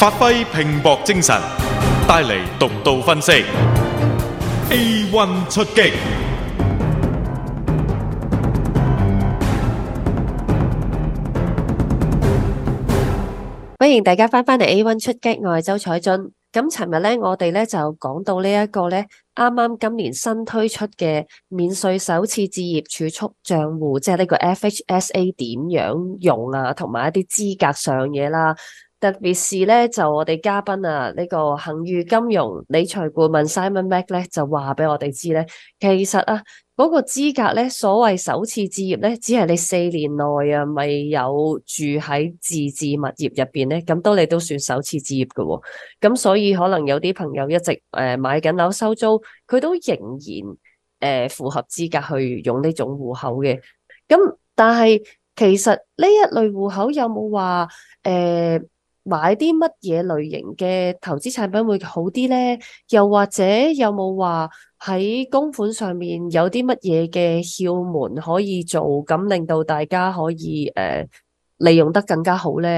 發揮拼搏精神，帶嚟獨到分析。A one 出擊，歡迎大家翻返嚟 A one 出擊。我係周彩俊。咁尋日咧，我哋咧就講到呢一個咧，啱啱今年新推出嘅免稅首次置業儲蓄賬戶，即係呢個 FHSA 點樣用啊，同埋一啲資格上嘢啦。特別是咧，就我哋嘉賓啊，呢、這個恆裕金融理財顧問 Simon Mac 咧，就話俾我哋知咧，其實啊，嗰、那個資格咧，所謂首次置業咧，只係你四年內啊，未有住喺自置物業入邊咧，咁都你都算首次置業嘅喎、哦。咁所以可能有啲朋友一直誒、呃、買緊樓收租，佢都仍然誒、呃、符合資格去用呢種戶口嘅。咁但係其實呢一類戶口有冇話誒、呃買啲乜嘢類型嘅投資產品會好啲呢？又或者有冇話喺供款上面有啲乜嘢嘅竅門可以做，咁令到大家可以誒、呃、利用得更加好呢？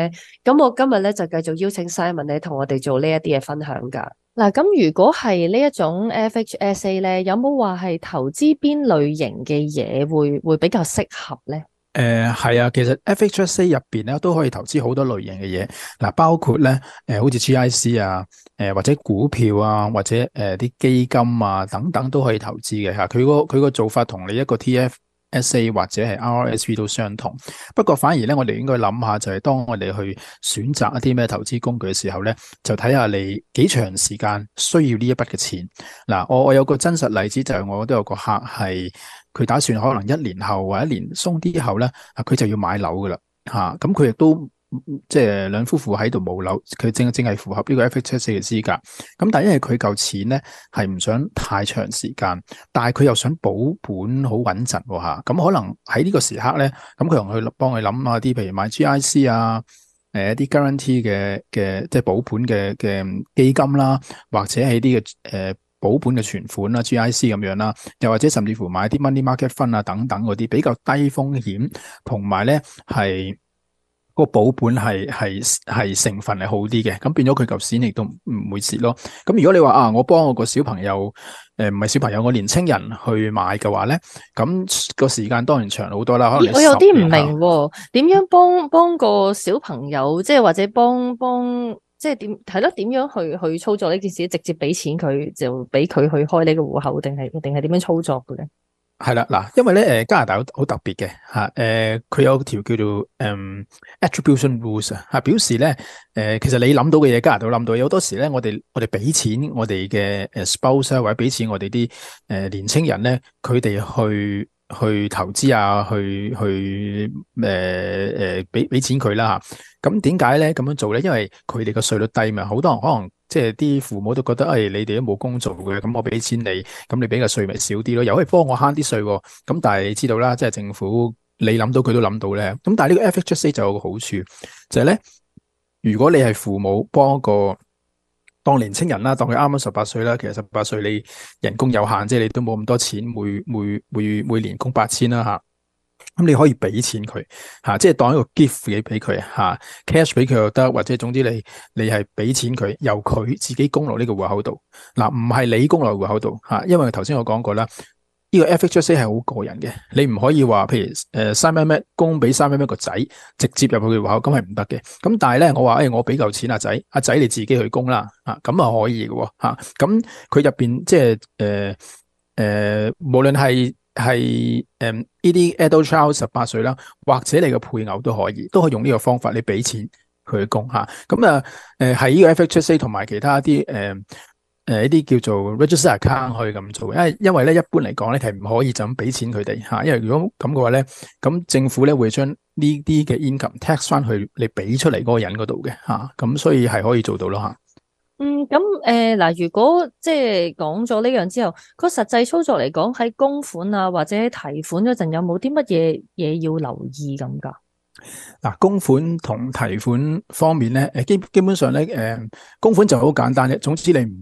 咁我今日咧就繼續邀請 Simon 嚟同我哋做呢一啲嘢分享噶。嗱,咁如果係呢一種 FHSA 咧，有冇話係投資邊類型嘅嘢會會比較適合呢？誒、呃、係啊，其實 FHSA 入邊咧都可以投資好多類型嘅嘢，嗱，包括咧誒、呃、好似 GIC 啊，誒、呃、或者股票啊，或者誒啲、呃、基金啊等等都可以投資嘅吓，佢個佢個做法同你一個 TF。S A 或者係 R S V 都相同，不過反而咧，我哋應該諗下就係當我哋去選擇一啲咩投資工具嘅時候咧，就睇下你幾長時間需要呢一筆嘅錢。嗱、啊，我我有個真實例子就係、是、我都有個客係，佢打算可能一年後或者年鬆啲之後咧，啊佢就要買樓㗎喇，咁佢亦都。即係兩夫婦喺度冇樓，佢正正係符合呢個 FHSA 嘅資格。咁但係因為佢夠錢咧，係唔想太長時間，但係佢又想保本好穩陣吓。咁可能喺呢個時刻咧，咁佢同去幫佢諗下啲，譬如買 GIC 啊，誒、呃、一啲 guarantee 嘅嘅即係保本嘅嘅基金啦、啊，或者係啲嘅誒保本嘅存款啦、啊、GIC 咁樣啦、啊，又或者甚至乎買啲 money market fund 啊等等嗰啲比較低風險，同埋咧係。個保本係係係成分係好啲嘅，咁變咗佢嚿錢亦都唔會蝕咯。咁如果你話啊，我幫我個小朋友，誒唔係小朋友，我年青人去買嘅話咧，咁個時間當然長好多啦。可能我有啲唔明，點樣幫幫個小朋友，即係或者幫幫即係點係咯？點樣去去操作呢件事？直接俾錢佢就俾佢去開呢個戶口，定係定係點樣操作嘅咧？係啦，嗱，因為咧，誒，加拿大好好特別嘅，吓，誒、呃，佢有條叫做誒、嗯、Attribution rules 啊，吓，表示咧，誒、呃，其實你諗到嘅嘢，加拿大都諗到，有好多時咧，我哋我哋俾錢，啊，錢我哋嘅誒 spouse 啊，或者俾錢我哋啲誒年青人咧，佢哋去去投資啊，去去誒誒，俾、呃、俾錢佢啦吓，咁點解咧咁樣做咧？因為佢哋個稅率低嘛，好多人可能。即係啲父母都覺得，誒、哎、你哋都冇工做嘅，咁我俾錢你，咁你俾嘅稅咪少啲咯，又可以幫我慳啲稅喎、啊。咁但係你知道啦，即係政府你諗到佢都諗到咧。咁但係呢個 FHSA 就有個好處，就係、是、咧，如果你係父母幫個當年青人啦，當佢啱啱十八歲啦，其實十八歲你人工有限，即係你都冇咁多錢，每每每每年供八千啦嚇。咁你可以俾錢佢吓，即係當一個 gift 嘅俾佢吓，cash 俾佢又得，或者總之你你係俾錢佢，由佢自己供落呢個戶口度。嗱、啊，唔係你供落戶口度吓、啊，因為頭先我講過啦，呢、這個 FHSA 係好個人嘅，你唔可以話譬如誒三 M M 供俾三 M M 個仔直接入去戶口，咁係唔得嘅。咁但係咧，我話誒、哎、我俾夠錢阿仔，阿仔你自己去供啦，啊咁啊可以嘅吓。咁佢入邊即係誒誒，無論係。係誒呢、嗯、啲 adult child 十八歲啦，或者你個配偶都可以，都可以用呢個方法你，你俾錢佢去供。咁啊誒喺呢個 FHSA 同埋其他啲誒誒呢啲叫做 registered account 可以咁做，因為因為咧一般嚟講咧係唔可以就咁俾錢佢哋、啊、因為如果咁嘅話咧，咁政府咧會將呢啲嘅 income tax 翻去你俾出嚟嗰個人嗰度嘅嚇，咁、啊啊、所以係可以做到咯。嗯，咁誒嗱，如果即係講咗呢樣之後，個實際操作嚟講，喺供款啊或者提款嗰陣，有冇啲乜嘢嘢要留意咁噶？嗱、呃，供款同提款方面咧，誒，基基本上咧，誒、呃，供款就好簡單嘅。總之你唔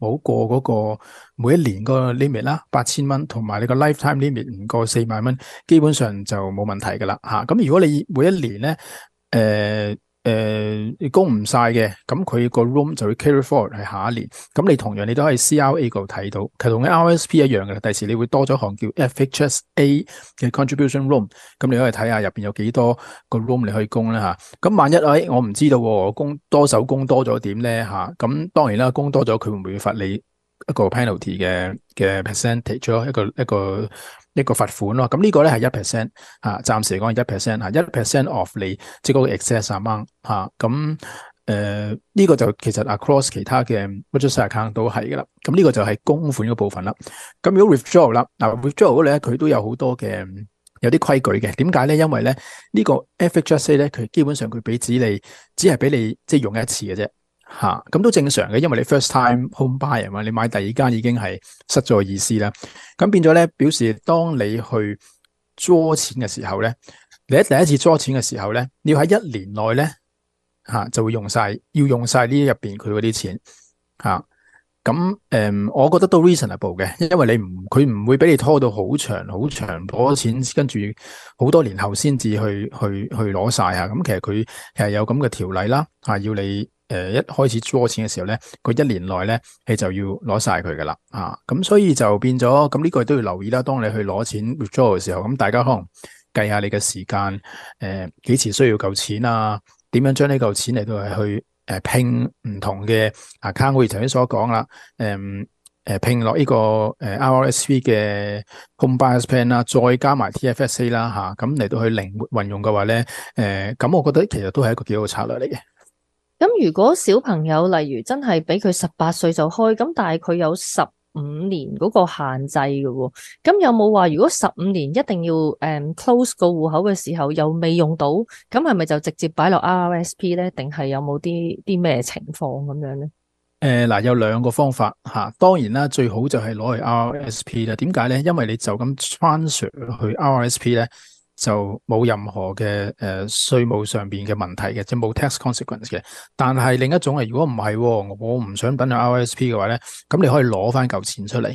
好過嗰個每一年個 limit 啦，八千蚊，同埋你個 lifetime limit 唔過四萬蚊，基本上就冇問題噶啦。吓、啊，咁如果你每一年咧，誒、呃。誒、呃，供唔晒嘅，咁佢個 room 就會 carry forward 係下一年。咁你同樣你都可以 CRA 嗰度睇到，其實同啲 RSP 一樣嘅。第時你會多咗行叫 FHSA 嘅 contribution room，咁你可以睇下入邊有幾多個 room 你可以供啦吓。咁萬一誒、哎、我唔知道、啊，我供多手供多咗點咧吓，咁、啊、當然啦，供多咗佢會唔會罰你一個 penalty 嘅嘅 percentage 咯一個一個。一個一個罰款咯，咁、這、呢個咧係一 percent，嚇，暫時嚟講係一 percent，嚇，一 percent of 你即係嗰個 excess amount，嚇，咁誒呢個就其實 Across 其他嘅 Registered Account 都係㗎啦，咁呢個就係供款嘅部分啦。咁如果 withdraw 啦、啊，嗱 withdraw 咧佢都有好多嘅有啲規矩嘅，點解咧？因為咧呢個 FHSA 咧佢基本上佢俾只你，只係俾你即係用一次嘅啫。嚇、啊、咁都正常嘅，因為你 first time home buy 啊嘛，你買第二間已經係失咗意思啦。咁變咗咧，表示當你去攞錢嘅時候咧，你喺第一次攞錢嘅時候咧，你要喺一年內咧、啊、就會用晒，要用晒呢入邊佢嗰啲錢嚇。咁、啊嗯、我覺得都 reasonable 嘅，因為你唔佢唔會俾你拖到好長好長攞錢，跟住好多年後先至去去去攞晒。嚇、啊。咁其實佢係有咁嘅條例啦、啊、要你。誒、呃、一開始攞錢嘅時候咧，佢一年內咧，你就要攞晒佢噶啦啊！咁所以就變咗，咁呢個都要留意啦。當你去攞錢 withdraw 嘅時候，咁大家可能計下你嘅時間，誒、呃、幾時需要嚿錢啊？點樣將呢嚿錢嚟到係去誒、呃、拼唔同嘅 account 我哋頭先所講啦，誒、呃、誒拼落呢、這個誒、呃、RRSP 嘅 Home Buyers' Plan 啦、啊，再加埋 T F S A 啦嚇，咁嚟到去靈活運用嘅話咧，誒、呃、咁我覺得其實都係一個幾好嘅策略嚟嘅。咁如果小朋友例如真係俾佢十八歲就開，咁但係佢有十五年嗰個限制嘅喎，咁有冇話如果十五年一定要誒 close 個戶口嘅時候又未用到，咁係咪就直接擺落 RRSP 咧？定係有冇啲啲咩情況咁樣咧？誒、呃、嗱，有兩個方法嚇、啊，當然啦，最好就係攞去 RRSP 啦。點解咧？因為你就咁 transfer 去 RRSP 咧。就冇任何嘅誒稅務上邊嘅問題嘅，即係冇 tax consequence 嘅。但係另一種係，如果唔係我唔想等用 RSP 嘅話咧，咁你可以攞翻嚿錢出嚟，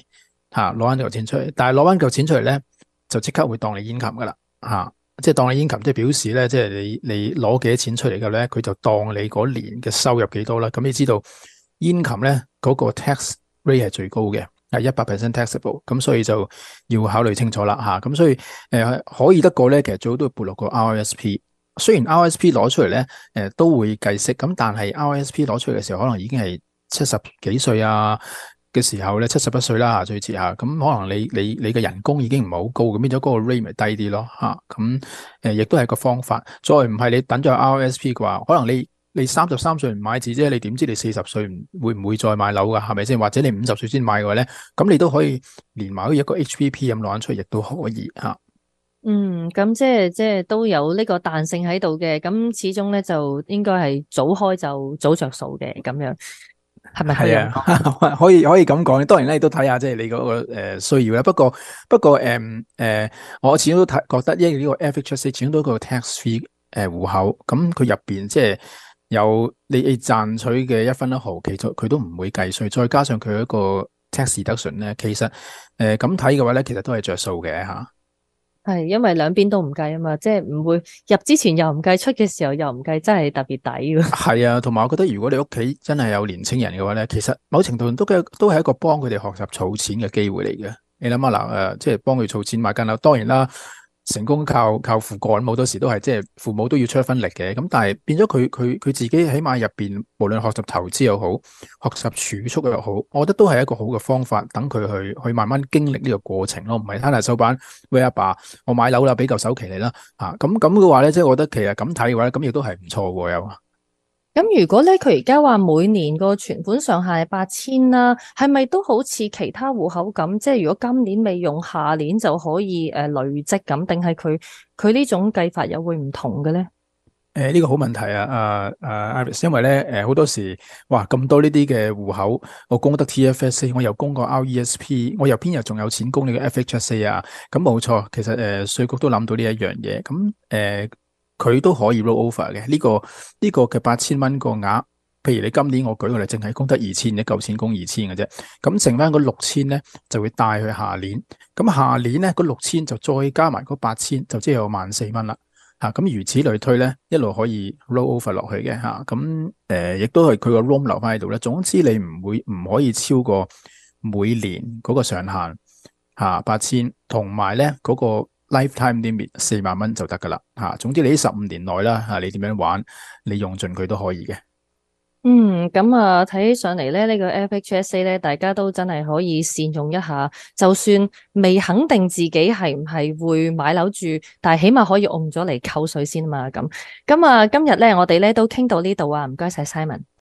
吓、啊，攞翻嚿錢出嚟。但係攞翻嚿錢出嚟咧，就即刻會當你 income 噶啦，吓、啊，即係當你 income，即係表示咧，即係你你攞幾多錢出嚟嘅咧，佢就當你嗰年嘅收入幾多啦。咁你知道 income 咧嗰個 tax rate 係最高嘅。係一百 percent taxable，咁所以就要考慮清楚啦吓，咁所以誒、呃、可以得過咧，其實最好都係撥落個 RSP。雖然 RSP 攞出嚟咧，誒、呃、都會計息，咁但係 RSP 攞出嚟嘅時候，可能已經係七十幾歲啊嘅時候咧，七十一歲啦最遲吓，咁可能你你你嘅人工已經唔係好高，咁變咗嗰個 rate 咪低啲咯吓，咁誒亦都係個方法，再唔係你等咗 RSP 嘅話，可能你。你三十三歲唔買字啫，你點知你四十歲唔會唔會再買樓噶？係咪先？或者你五十歲先買嘅話咧，咁你都可以連埋一個 HBP 咁攞出嚟亦都可以吓、啊。嗯，咁即係即係都有個彈呢個彈性喺度嘅。咁始終咧就應該係早開就早着數嘅，咁樣係咪係啊？可以可以咁講。當然咧、那個，都睇下即係你嗰個誒需要啦。不過不過誒誒、嗯嗯，我始終都睇覺得呢個 FHSA 始終都一個 tax-free 誒戶口。咁佢入邊即係。有你你賺取嘅一分一毫，其實佢都唔會計稅，再加上佢一個 tax deduction 咧，其實誒咁睇嘅話咧，其實都係着數嘅。吓係、啊，因為兩邊都唔計啊嘛，即係唔會入之前又唔計，出嘅時候又唔計，真係特別抵咯。係啊，同埋我覺得如果你屋企真係有年青人嘅話咧，其實某程度上都都係一個幫佢哋學習儲錢嘅機會嚟嘅。你諗下嗱誒、呃，即係幫佢儲錢買間樓，當然啦。成功靠靠父母，好多時都係即係父母都要出一分力嘅。咁但係變咗佢佢佢自己起碼面，起碼入邊，無論學習投資又好，學習儲蓄又好，我覺得都係一個好嘅方法，等佢去去慢慢經歷呢個過程咯。唔係攤大手板，喂阿爸，我買樓啦，俾夠首期你啦。咁咁嘅話咧，即係我覺得其實咁睇嘅話咧，咁亦都係唔錯嘅有咁如果咧，佢而家話每年個存款上限係八千啦，係咪都好似其他戶口咁？即係如果今年未用，下年就可以誒累積咁？定係佢佢呢種計法又會唔同嘅咧？誒、呃、呢、呢個好問題啊！啊啊 Iris 因為咧誒好多時哇咁多呢啲嘅戶口，我供得 T F S A 我又供個 R E S P，我又邊日仲有錢供你嘅 F H S A 啊！咁冇錯，其實誒稅、呃、局都諗到呢一樣嘢，咁誒。呃佢都可以 roll over 嘅，呢、這個呢、這個嘅八千蚊個額，譬如你今年我舉個例，淨係供得二千嘅，夠錢供二千嘅啫，咁剩翻個六千咧就會帶去下年，咁下年咧個六千就再加埋個八千，就即係有萬四蚊啦，嚇、啊、咁、啊、如此類推咧，一路可以 roll over 落去嘅嚇，咁、啊、亦、啊、都係佢個 room 留翻喺度咧。總之你唔會唔可以超過每年嗰個上限八千，同埋咧嗰個。lifetime limit 四萬蚊就得噶啦，吓，總之你十五年內啦，吓你點樣玩，你用盡佢都可以嘅。嗯，咁啊，睇起上嚟咧，呢個 FHSA 咧，大家都真係可以善用一下，就算未肯定自己係唔係會買樓住，但係起碼可以用咗嚟扣稅先啊嘛，咁，咁啊，今日咧，我哋咧都傾到呢度啊，唔該晒 Simon。